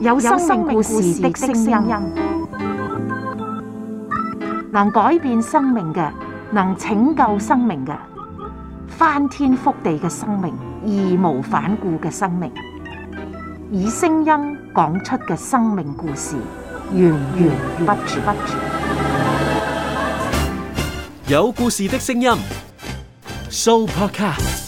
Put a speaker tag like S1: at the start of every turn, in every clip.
S1: 有生命故事的聲音，能改變生命嘅，能拯救生命嘅，翻天覆地嘅生命，義無反顧嘅生命，以聲音講出嘅生命故事，源源不絕。有故事的聲音，Soupercast。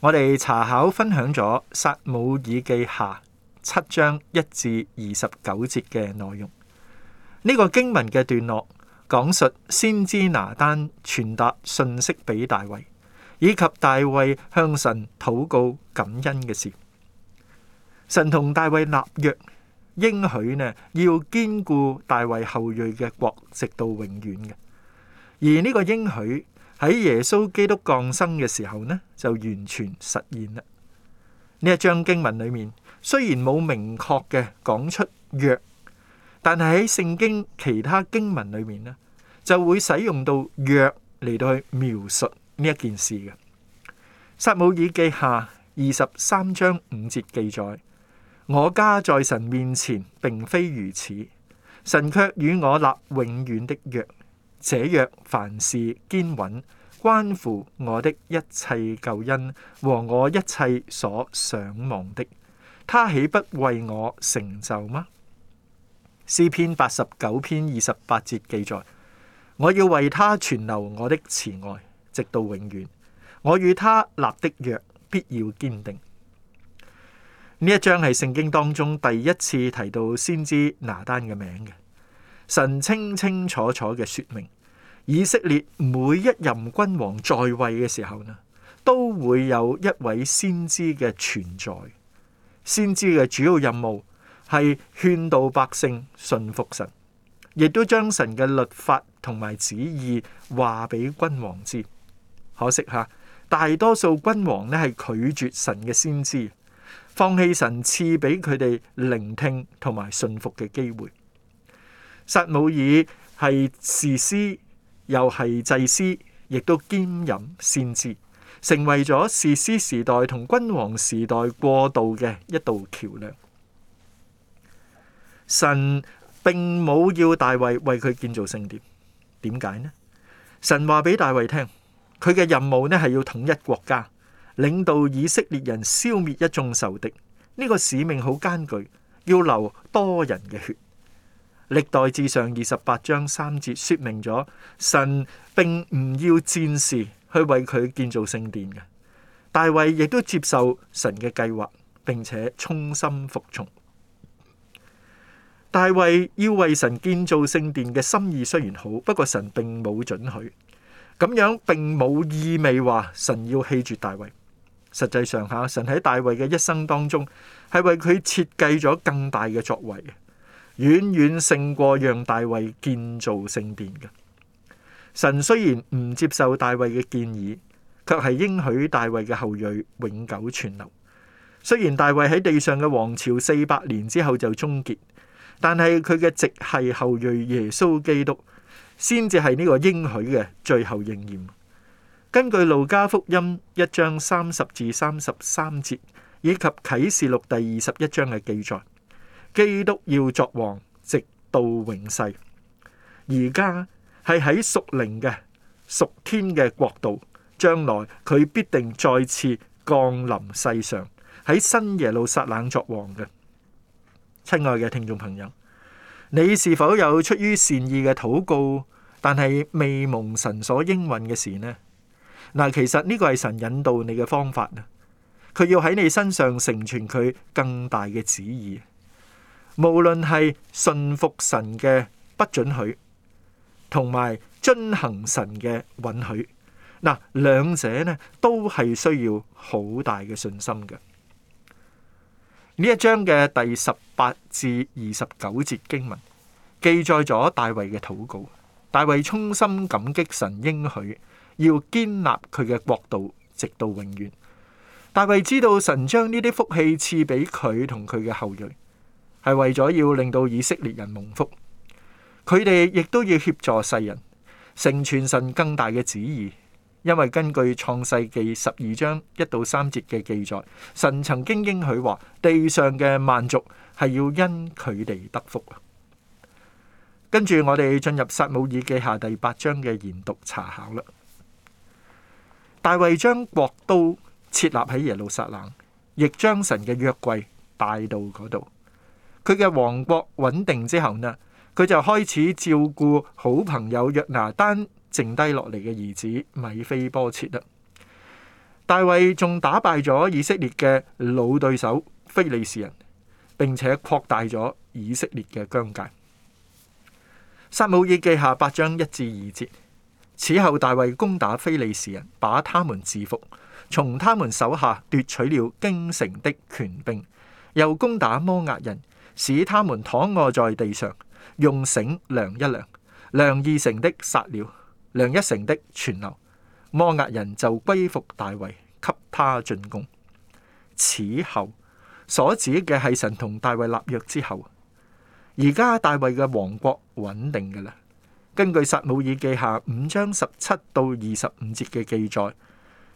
S1: 我哋查考分享咗撒母耳記下七章一至二十九節嘅內容。呢、這個經文嘅段落講述先知拿單傳達信息俾大衛，以及大衛向神禱告感恩嘅事。神同大衛立約，應許呢要堅固大衛後裔嘅國，直到永遠嘅。而呢個應許。喺耶穌基督降生嘅時候呢，就完全實現啦。呢一章經文裏面雖然冇明確嘅講出約，但係喺聖經其他經文裏面呢，就會使用到約嚟到去描述呢一件事嘅。撒母耳記下二十三章五節記載：我家在神面前並非如此，神卻與我立永遠的約。這約凡事堅穩，關乎我的一切救恩和我一切所想望的，他豈不為我成就嗎？詩篇八十九篇二十八節記載：我要為他存留我的慈愛，直到永遠。我與他立的約必要堅定。呢一章係聖經當中第一次提到先知拿單嘅名嘅。神清清楚楚嘅說明，以色列每一任君王在位嘅時候呢，都會有一位先知嘅存在。先知嘅主要任務係勸導百姓信服神，亦都將神嘅律法同埋旨意話俾君王知。可惜吓，大多數君王呢係拒絕神嘅先知，放棄神賜俾佢哋聆聽同埋信服嘅機會。撒母耳係士師又係祭司，亦都兼任先知，成為咗士師時代同君王時代過渡嘅一道橋梁。神並冇要大衛為佢建造聖殿，點解呢？神話俾大衛聽，佢嘅任務呢係要統一國家，領導以色列人消滅一眾仇敵。呢個使命好艱巨，要流多人嘅血。歷代志上二十八章三節說明咗，神並唔要戰士去為佢建造聖殿嘅。大衛亦都接受神嘅計劃，並且衷心服從。大衛要為神建造聖殿嘅心意雖然好，不過神並冇准許咁樣，並冇意味話神要棄絕大衛。實際上，下神喺大衛嘅一生當中，係為佢設計咗更大嘅作為遠遠勝過讓大衛建造聖殿嘅神，雖然唔接受大衛嘅建議，卻係應許大衛嘅後裔永久存留。雖然大衛喺地上嘅王朝四百年之後就終結，但係佢嘅直系後裔耶穌基督先至係呢個應許嘅最後應驗。根據路加福音一章三十至三十三節，以及啟示錄第二十一章嘅記載。基督要作王，直到永世。而家係喺屬靈嘅、屬天嘅國度，將來佢必定再次降臨世上，喺新耶路撒冷作王嘅。親愛嘅聽眾朋友，你是否有出於善意嘅禱告，但係未蒙神所應允嘅事呢？嗱，其實呢個係神引導你嘅方法啊。佢要喺你身上成全佢更大嘅旨意。無論係信服神嘅不准許，同埋遵行神嘅允許，嗱，兩者呢都係需要好大嘅信心嘅。呢一章嘅第十八至二十九節經文記載咗大衛嘅禱告。大衛衷心感激神應許要堅立佢嘅國度直到永遠。大衛知道神將呢啲福氣賜俾佢同佢嘅後裔。係為咗要令到以色列人蒙福，佢哋亦都要協助世人成全神更大嘅旨意。因為根據創世記十二章一到三節嘅記載，神曾經應許，許話地上嘅萬族係要因佢哋得福。跟住我哋進入撒母耳記下第八章嘅研讀查考啦。大衛將國都設立喺耶路撒冷，亦將神嘅約櫃帶到嗰度。佢嘅王國穩定之後呢，佢就開始照顧好朋友約拿單剩低落嚟嘅兒子米非波設啦。大衛仲打敗咗以色列嘅老對手非利士人，並且擴大咗以色列嘅疆界。撒母耳記下八章一至二節：此後大衛攻打非利士人，把他們制服，從他們手下奪取了京城的權柄，又攻打摩押人。使他們躺臥在地上，用繩量一量，量二成的殺了，量一成的存留。摩押人就歸服大衛，給他進貢。此後所指嘅係神同大衛立約之後，而家大衛嘅王國穩定噶啦。根據《撒母耳記下》五章十七到二十五節嘅記載，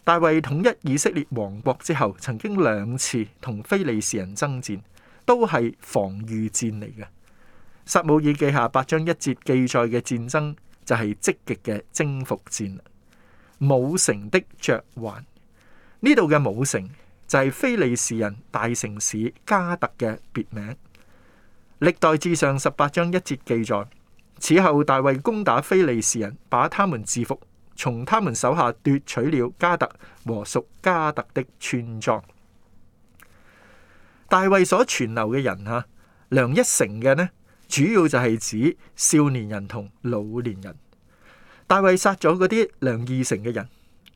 S1: 大衛統一以色列王國之後，曾經兩次同非利士人爭戰。都係防禦戰嚟嘅。撒母耳記下八章一節記載嘅戰爭就係積極嘅征服戰。武城的着環，呢度嘅武城就係、是、非利士人大城市加特嘅別名。歷代誌上十八章一節記載，此後大衛攻打非利士人，把他們制服，從他們手下奪取了加特和屬加特的村莊。大衛所存留嘅人吓，梁一成嘅呢，主要就係指少年人同老年人。大衛殺咗嗰啲梁二成嘅人，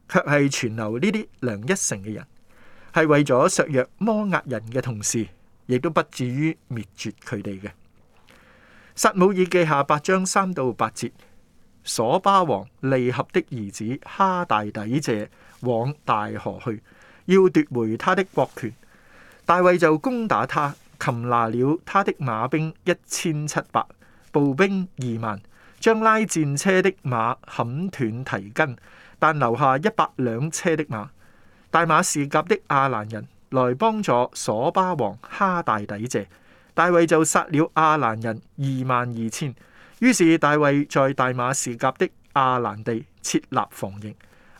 S1: 卻係存留呢啲梁一成嘅人，係為咗削弱摩押人嘅同時，亦都不至於滅絕佢哋嘅。撒母耳記下八章三到八節，所巴王利合的兒子哈大底謝往大河去，要奪回他的國權。大衛就攻打他，擒拿了他的馬兵一千七百，步兵二萬，將拉戰車的馬砍斷蹄筋，但留下一百輛車的馬。大馬士革的亞蘭人來幫助瑣巴王哈大抵謝，大衛就殺了亞蘭人二萬二千。於是大衛在大馬士革的亞蘭地設立防營，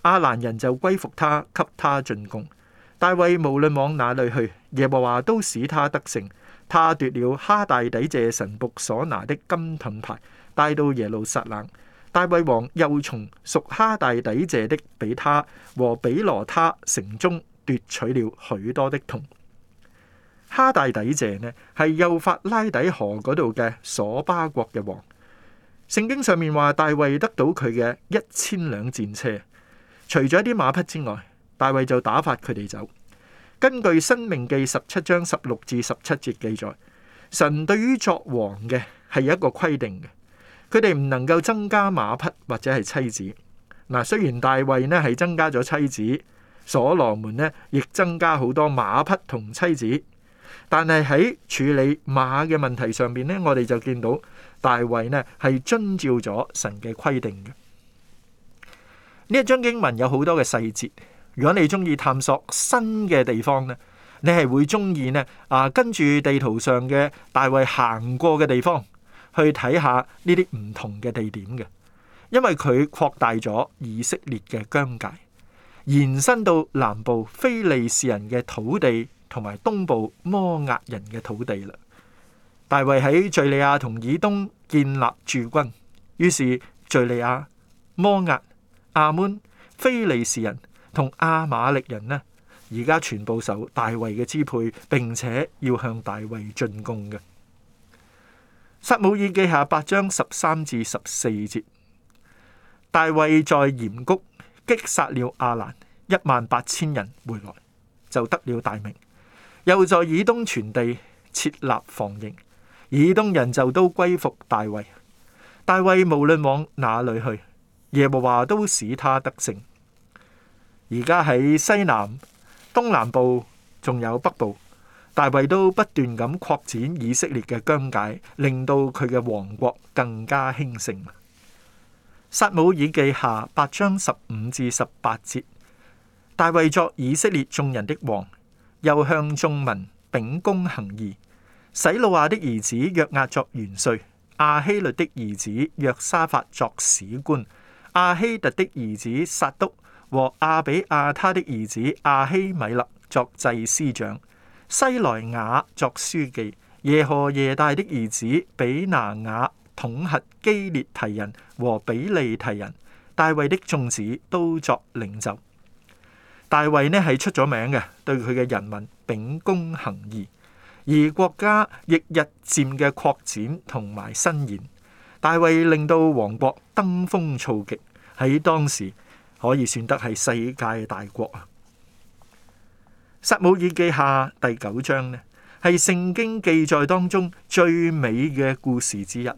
S1: 亞蘭人就歸服他，給他進貢。大衛無論往哪裏去，耶和華都使他得勝，他奪了哈大底謝神僕所拿的金盾牌，帶到耶路撒冷。大衛王又從屬哈大底謝的，比他和比羅他城中奪取了許多的銅。哈大底謝呢，係幼發拉底河嗰度嘅瑣巴國嘅王。聖經上面話，大衛得到佢嘅一千輛戰車，除咗啲馬匹之外，大衛就打發佢哋走。根據申命記十七章十六至十七節記載，神對於作王嘅係有一個規定嘅，佢哋唔能夠增加馬匹或者係妻子。嗱，雖然大衛咧係增加咗妻子，所羅門咧亦增加好多馬匹同妻子，但係喺處理馬嘅問題上面，咧，我哋就見到大衛咧係遵照咗神嘅規定嘅。呢一章經文有好多嘅細節。如果你中意探索新嘅地方咧，你係會中意咧啊，跟住地圖上嘅大衛行過嘅地方去睇下呢啲唔同嘅地點嘅，因為佢擴大咗以色列嘅疆界，延伸到南部非利士人嘅土地同埋東部摩押人嘅土地啦。大衛喺敘利亞同以東建立駐軍，於是敘利亞、摩押、亞門、非利士人。同亞瑪力人呢，而家全部受大衛嘅支配，並且要向大衛進攻嘅。撒母耳記下八章十三至十四節，大衛在鹽谷擊殺了亞蘭一萬八千人，回來就得了大名。又在以東全地設立防營，以東人就都歸服大衛。大衛無論往哪裏去，耶和華都使他得勝。而家喺西南、東南部仲有北部，大衛都不斷咁擴展以色列嘅疆界，令到佢嘅王國更加興盛。撒母耳記下八章十五至十八節，大衛作以色列眾人的王，又向眾民秉公行義。洗魯亞的兒子約押作元帥，亞希律的兒子約沙法作史官，亞希突的兒子撒督。和阿比亞他的兒子阿希米勒作祭司長，西萊雅作書記，耶何耶大的兒子比拿雅統合基列提人和比利提人，大衛的眾子都作領袖。大衛呢係出咗名嘅，對佢嘅人民秉公行義，而國家亦日漸嘅擴展同埋伸延。大衛令到王國登峰造極，喺當時。可以算得係世界大國啊！撒母耳記下第九章呢，係聖經記載當中最美嘅故事之一啊！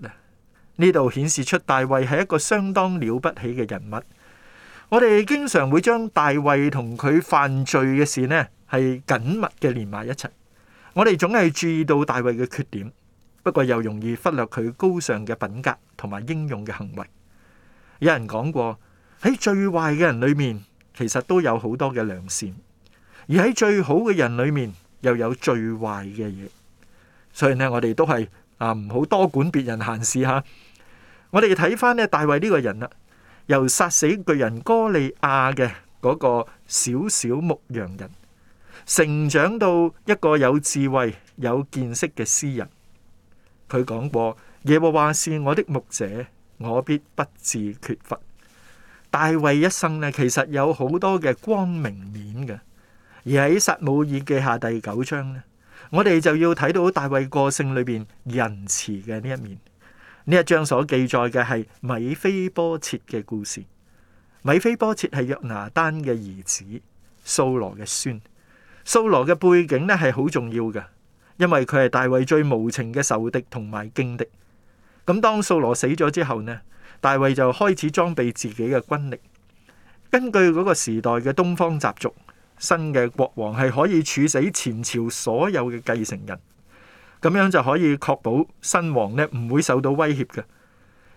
S1: 呢度顯示出大衛係一個相當了不起嘅人物。我哋經常會將大衛同佢犯罪嘅事呢，係緊密嘅連埋一齊。我哋總係注意到大衛嘅缺點，不過又容易忽略佢高尚嘅品格同埋英勇嘅行為。有人講過。喺最壞嘅人裏面，其實都有好多嘅良善；而喺最好嘅人裏面，又有最壞嘅嘢。所以呢，我哋都係啊，唔好多管別人閒事吓。我哋睇翻呢大衛呢個人啦，由殺死巨人哥利亞嘅嗰個小小牧羊人，成長到一個有智慧、有見識嘅詩人。佢講過：耶和華是我的牧者，我必不至缺乏。大衛一生咧，其實有好多嘅光明面嘅，而喺撒母耳記下第九章咧，我哋就要睇到大衛個性裏邊仁慈嘅呢一面。呢一章所記載嘅係米非波切嘅故事。米非波切係約拿單嘅兒子，掃羅嘅孫。掃羅嘅背景咧，係好重要嘅，因為佢係大衛最無情嘅仇敵同埋勁敵。咁當掃羅死咗之後呢。大衛就開始裝備自己嘅軍力。根據嗰個時代嘅東方習俗，新嘅國王係可以處死前朝所有嘅繼承人，咁樣就可以確保新王呢唔會受到威脅嘅。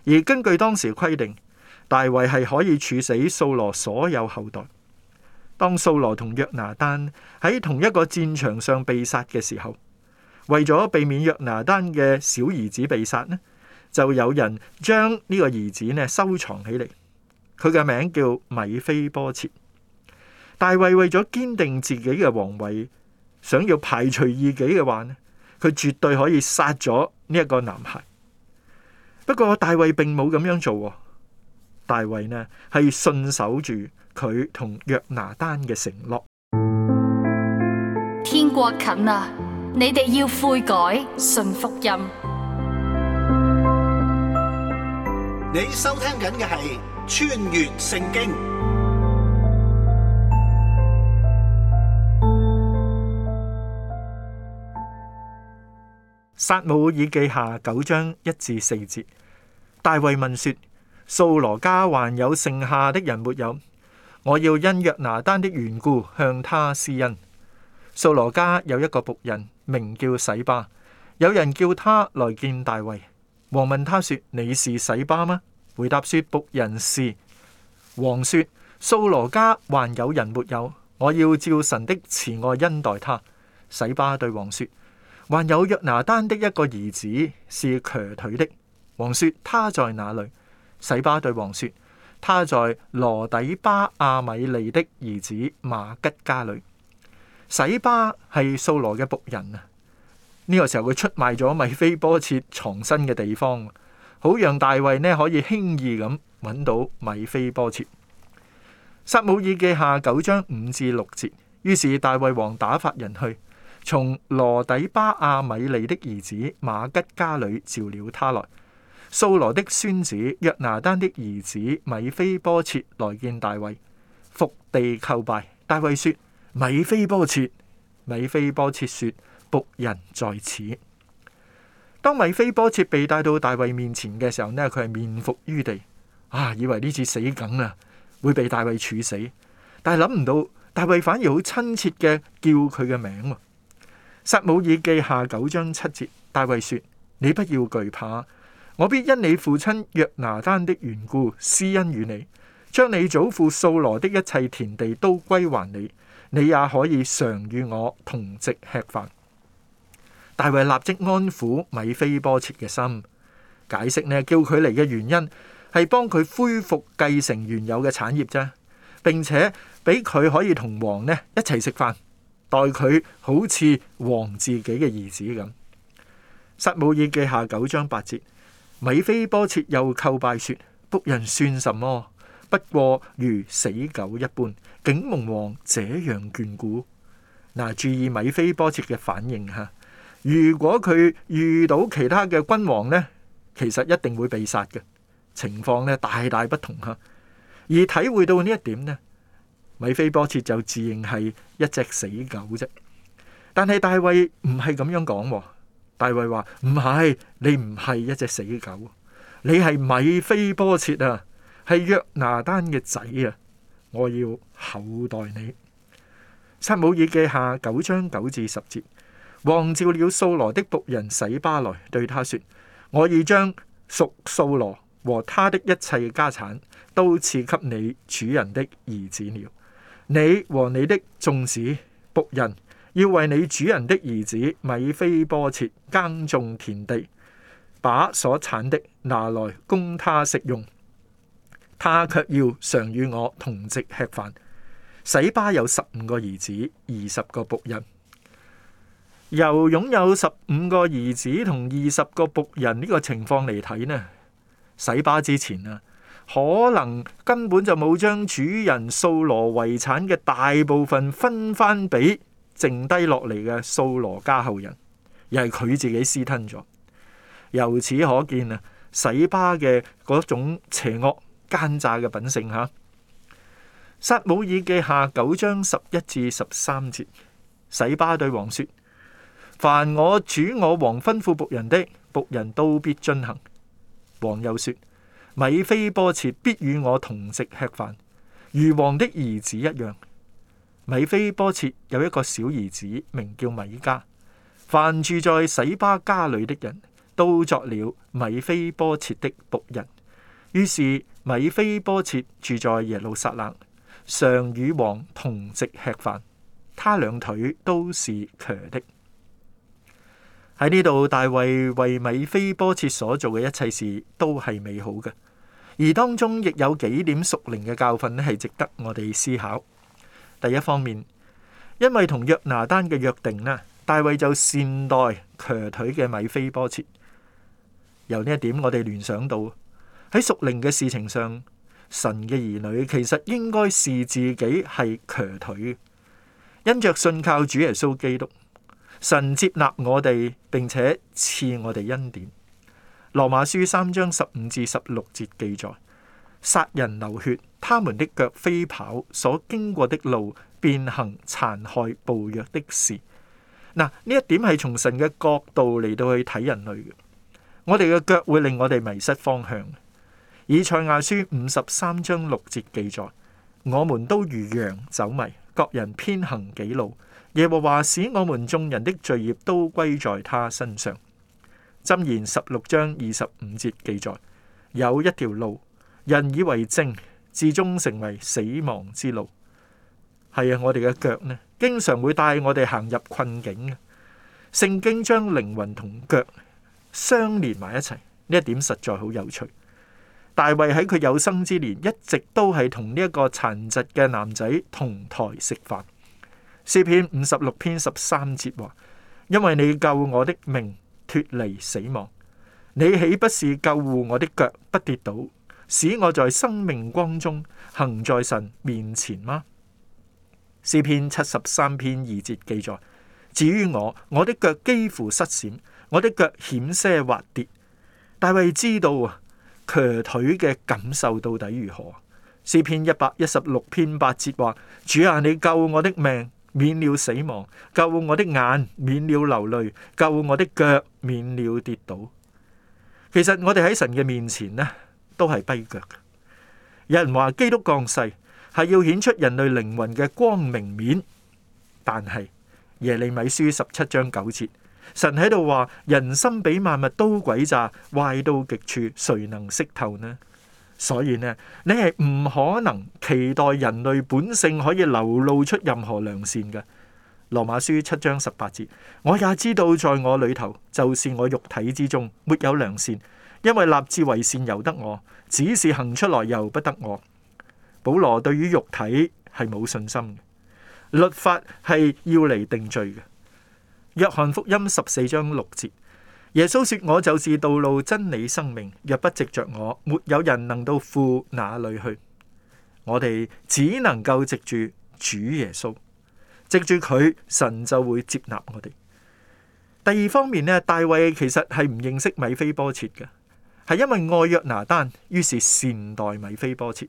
S1: 而根據當時嘅規定，大衛係可以處死掃羅所有後代。當掃羅同約拿單喺同一個戰場上被殺嘅時候，為咗避免約拿單嘅小兒子被殺呢，就有人將呢個兒子呢收藏起嚟，佢嘅名叫米非波撤。大衛為咗堅定自己嘅皇位，想要排除異己嘅話呢，佢絕對可以殺咗呢一個男孩。不過大衛並冇咁樣做，哦，大衛呢係順守住佢同約拿丹嘅承諾。天國近啊！你哋要悔改，信福音。你收聽緊嘅係《穿越聖經》，撒母耳記下九章一至四節。大衛問說：掃羅家還有剩下的人沒有？我要因約拿單的緣故向他施恩。掃羅家有一個僕人名叫洗巴，有人叫他來見大衛。王問他說：你是洗巴嗎？回答說：僕人是。王說：掃羅家還有人沒有？我要照神的慈愛恩待他。洗巴對王說：還有約拿單的一個兒子是瘸腿的。王說：他在哪裏？洗巴對王說：他在羅底巴亞米利的兒子馬吉家裏。洗巴係掃羅嘅僕人啊。呢個時候佢出賣咗米菲波切藏身嘅地方，好讓大衛呢可以輕易咁揾到米菲波切。撒母耳記下九章五至六節，於是大衛王打發人去，從羅底巴亞米利的兒子馬吉家裏召了他來。掃羅的孫子約拿單的兒子米菲波切來見大衛，伏地叩拜。大衛說：米菲波切，米菲波切說。僕人在此。當米菲波切被帶到大衛面前嘅時候，呢佢係面伏於地啊，以為呢次死梗啊會被大衛處死，但係諗唔到大衛反而好親切嘅叫佢嘅名。撒母耳記下九章七節，大衛說：你不要懼怕，我必因你父親約拿單的緣故施恩與你，將你祖父掃羅的一切田地都歸還你，你也可以常與我同席吃飯。大衛立即安撫米菲波切嘅心，解釋呢，叫佢嚟嘅原因係幫佢恢復繼承原有嘅產業啫，並且俾佢可以同王呢，一齊食飯，待佢好似王自己嘅兒子咁。撒母耳記下九章八節，米菲波切又叩拜說：僕人算什麼？不過如死狗一般，竟蒙王這樣眷顧。嗱，注意米菲波切嘅反應吓。如果佢遇到其他嘅君王呢，其實一定會被殺嘅情況咧，大大不同吓。而體會到呢一點呢，米非波設就自認係一隻死狗啫。但係大衛唔係咁樣講，哦，大衛話唔係，你唔係一隻死狗，你係米非波設啊，係約拿單嘅仔啊，我要厚待你。撒母耳記下九章九至十節。王召了掃羅的僕人洗巴來，對他說：我已將屬掃羅和他的一切家產都賜給你主人的兒子了。你和你的眾子僕人要為你主人的兒子米非波設耕種田地，把所產的拿來供他食用。他卻要常與我同席吃飯。洗巴有十五個兒子，二十個僕人。由擁有十五個兒子同二十個僕人呢個情況嚟睇呢，洗巴之前啊，可能根本就冇將主人掃羅遺產嘅大部分分翻俾剩低落嚟嘅掃羅家後人，而係佢自己私吞咗。由此可見啊，洗巴嘅嗰種邪惡奸詐嘅品性嚇。撒母耳記下九章十一至十三節，洗巴對王說。凡我主我王吩咐僕人的僕人都必遵行。王又說：米非波切必與我同席吃飯，如王的兒子一樣。米非波切有一個小兒子，名叫米加。凡住在洗巴家裏的人，都作了米非波切的僕人。於是米非波切住在耶路撒冷，常與王同席吃飯。他兩腿都是瘸的。喺呢度，大衛為米菲波切所做嘅一切事都係美好嘅，而當中亦有幾點屬靈嘅教訓咧，係值得我哋思考。第一方面，因為同約拿單嘅約定啦，大衛就善待瘸腿嘅米菲波切。由呢一點，我哋聯想到喺屬靈嘅事情上，神嘅兒女其實應該視自己係瘸腿，因着信靠主耶穌基督。神接納我哋，並且賜我哋恩典。羅馬書三章十五至十六節記載：殺人流血，他們的腳飛跑，所經過的路，變行殘害暴虐的事。嗱，呢一點係從神嘅角度嚟到去睇人類嘅。我哋嘅腳會令我哋迷失方向。以賽亞書五十三章六節記載：我們都如羊走迷，各人偏行己路。耶和華使我們眾人的罪孽都歸在他身上。箴言十六章二十五節記載：有一條路，人以為正，至終成為死亡之路。係啊，我哋嘅腳呢，經常會帶我哋行入困境。聖經將靈魂同腳相連埋一齊，呢一點實在好有趣。大衛喺佢有生之年一直都係同呢一個殘疾嘅男仔同台食飯。詩篇五十六篇十三節話：因為你救我的命脫離死亡，你豈不是救護我的腳不跌倒，使我在生命光中行在神面前嗎？詩篇七十三篇二節記載：至於我，我的腳幾乎失閃，我的腳險些滑跌。大衛知道啊，瘸腿嘅感受到底如何？詩篇一百一十六篇八節話：主啊，你救我的命。免了死亡，救護我的眼；免了流淚，救護我的腳；免了跌倒。其實我哋喺神嘅面前呢，都係跛腳。有人話基督降世係要顯出人類靈魂嘅光明面，但係耶利米書十七章九節，神喺度話人心比萬物都詭詐，壞到極處，誰能識透呢？所以呢，你係唔可能期待人類本性可以流露出任何良善嘅。羅馬書七章十八節，我也知道在我裏頭，就是我肉體之中沒有良善，因為立志為善由得我，只是行出來由不得我。保羅對於肉體係冇信心嘅，律法係要嚟定罪嘅。約翰福音十四章六節。耶穌說：我就是道路、真理、生命，若不藉着我，沒有人能到父那裏去。我哋只能夠藉住主耶穌，藉住佢，神就會接納我哋。第二方面咧，大衛其實係唔認識米菲波切嘅，係因為愛約拿單，於是善待米菲波切。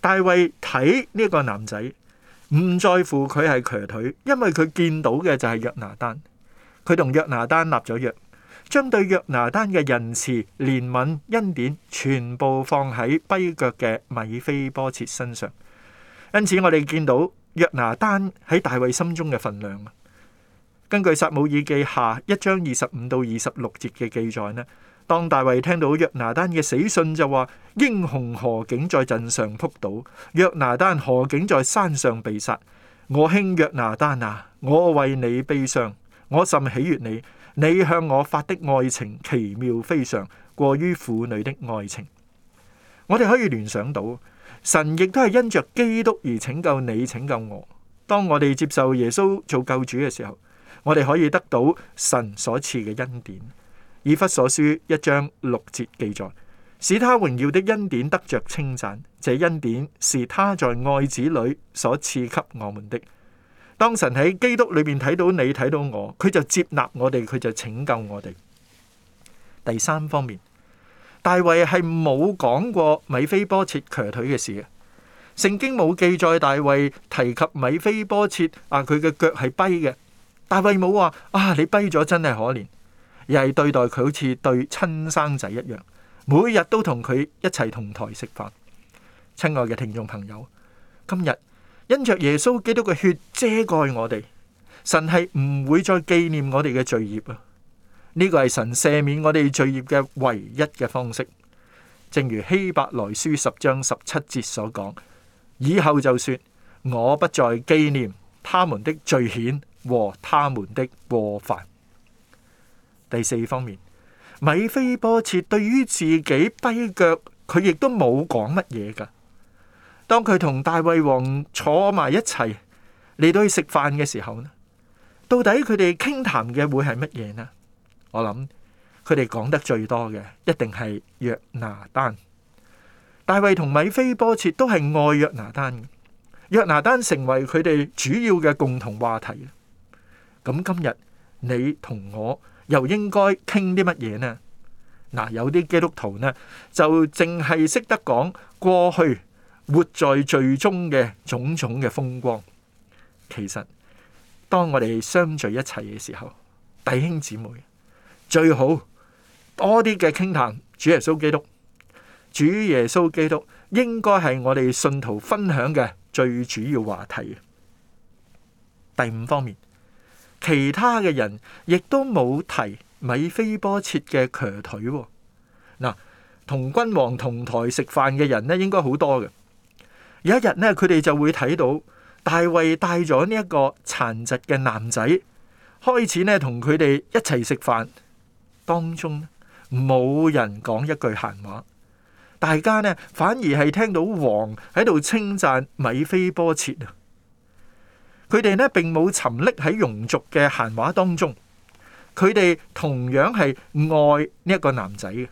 S1: 大衛睇呢個男仔唔在乎佢係瘸腿，因為佢見到嘅就係約拿單。佢同約拿單立咗約。將對約拿單嘅仁慈、憐憫、恩典全部放喺跛腳嘅米非波設身上，因此我哋見到約拿單喺大衛心中嘅份量。根據撒母耳記下一章二十五到二十六節嘅記載呢，當大衛聽到約拿單嘅死訊就話：英雄何竟在陣上撲倒，約拿單何竟在山上被殺。我兄約拿單啊，我為你悲傷，我甚喜悅你。你向我發的愛情奇妙非常，過於婦女的愛情。我哋可以聯想到，神亦都係因着基督而拯救你，拯救我。當我哋接受耶穌做救主嘅時候，我哋可以得到神所賜嘅恩典。以弗所書一章六節記載：使他榮耀的恩典得着稱讚，這恩典是他在愛子裏所賜給我們的。當神喺基督裏邊睇到你，睇到我，佢就接納我哋，佢就拯救我哋。第三方面，大衛係冇講過米非波切瘸腿嘅事嘅，聖經冇記載大衛提及米非波切啊，佢嘅腳係跛嘅。大衛冇話啊，你跛咗真係可憐，而係對待佢好似對親生仔一樣，每日都同佢一齊同台食飯。親愛嘅聽眾朋友，今日。因着耶穌基督嘅血遮蓋我哋，神係唔會再紀念我哋嘅罪孽啊！呢、這個係神赦免我哋罪孽嘅唯一嘅方式。正如希伯來書十章十七節所講：「以後就算我不再紀念他們的罪愆和他們的過犯。」第四方面，米非波設對於自己跛腳，佢亦都冇講乜嘢㗎。當佢同大衛王坐埋一齊嚟到去食飯嘅時候呢，到底佢哋傾談嘅會係乜嘢呢？我諗佢哋講得最多嘅一定係約拿單。大衛同米非波切都係愛約拿單嘅，約拿單成為佢哋主要嘅共同話題。咁今日你同我又應該傾啲乜嘢呢？嗱，有啲基督徒呢就淨係識得講過去。活在最終嘅種種嘅風光，其實當我哋相聚一齊嘅時候，弟兄姊妹最好多啲嘅傾談主耶穌基督，主耶穌基督應該係我哋信徒分享嘅最主要話題。第五方面，其他嘅人亦都冇提米非波切嘅瘸腿。嗱，同君王同台食飯嘅人咧，應該好多嘅。有一日咧，佢哋就會睇到大衛帶咗呢一個殘疾嘅男仔，開始咧同佢哋一齊食飯。當中冇人講一句閒話，大家咧反而係聽到王喺度稱讚米非波設。佢哋咧並冇沉溺喺庸俗嘅閒話當中，佢哋同樣係愛呢一個男仔嘅。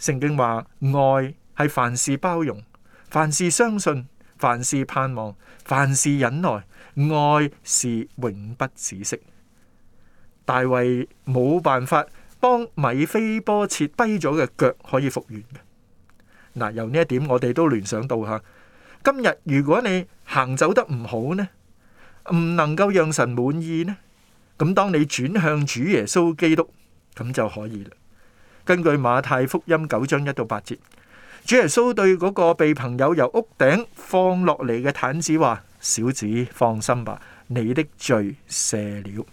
S1: 聖經話愛係凡事包容。凡事相信，凡事盼望，凡事忍耐，愛是永不止息。大衛冇辦法幫米菲波切跛咗嘅腳可以復原嘅。嗱，由呢一點我哋都聯想到吓。今日如果你行走得唔好呢，唔能夠讓神滿意呢，咁當你轉向主耶穌基督，咁就可以啦。根據馬太福音九章一到八節。主耶穌對嗰個被朋友由屋頂放落嚟嘅癱子話：小子，放心吧，你的罪赦了，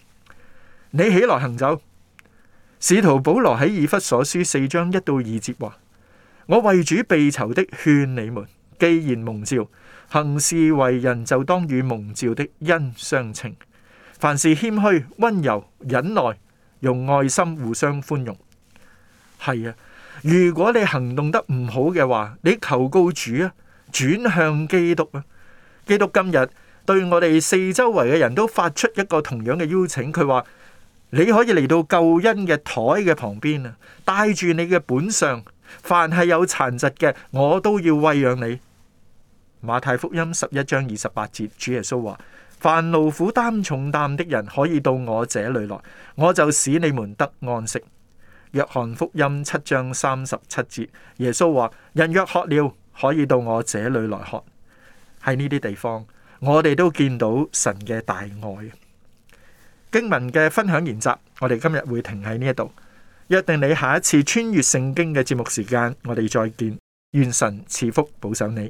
S1: 你起來行走。使徒保羅喺以弗所書四章一到二節話：我為主被囚的勸你們，既然蒙召，行事為人，就當與蒙召的恩相稱。凡事謙虛温柔忍耐，用愛心互相寬容。係啊。如果你行動得唔好嘅話，你求告主啊，轉向基督啊！基督今日對我哋四周圍嘅人都發出一個同樣嘅邀請，佢話：你可以嚟到救恩嘅台嘅旁邊啊，帶住你嘅本相，凡係有殘疾嘅，我都要餵養你。馬太福音十一章二十八節，主耶穌話：凡勞苦擔重擔的人，可以到我這裏來，我就使你們得安息。約翰福音七章三十七節，耶穌話：人若渴了，可以到我這裏來喝。喺呢啲地方，我哋都見到神嘅大愛。經文嘅分享研習，我哋今日會停喺呢一度。約定你下一次穿越聖經嘅節目時間，我哋再見。願神賜福保守你。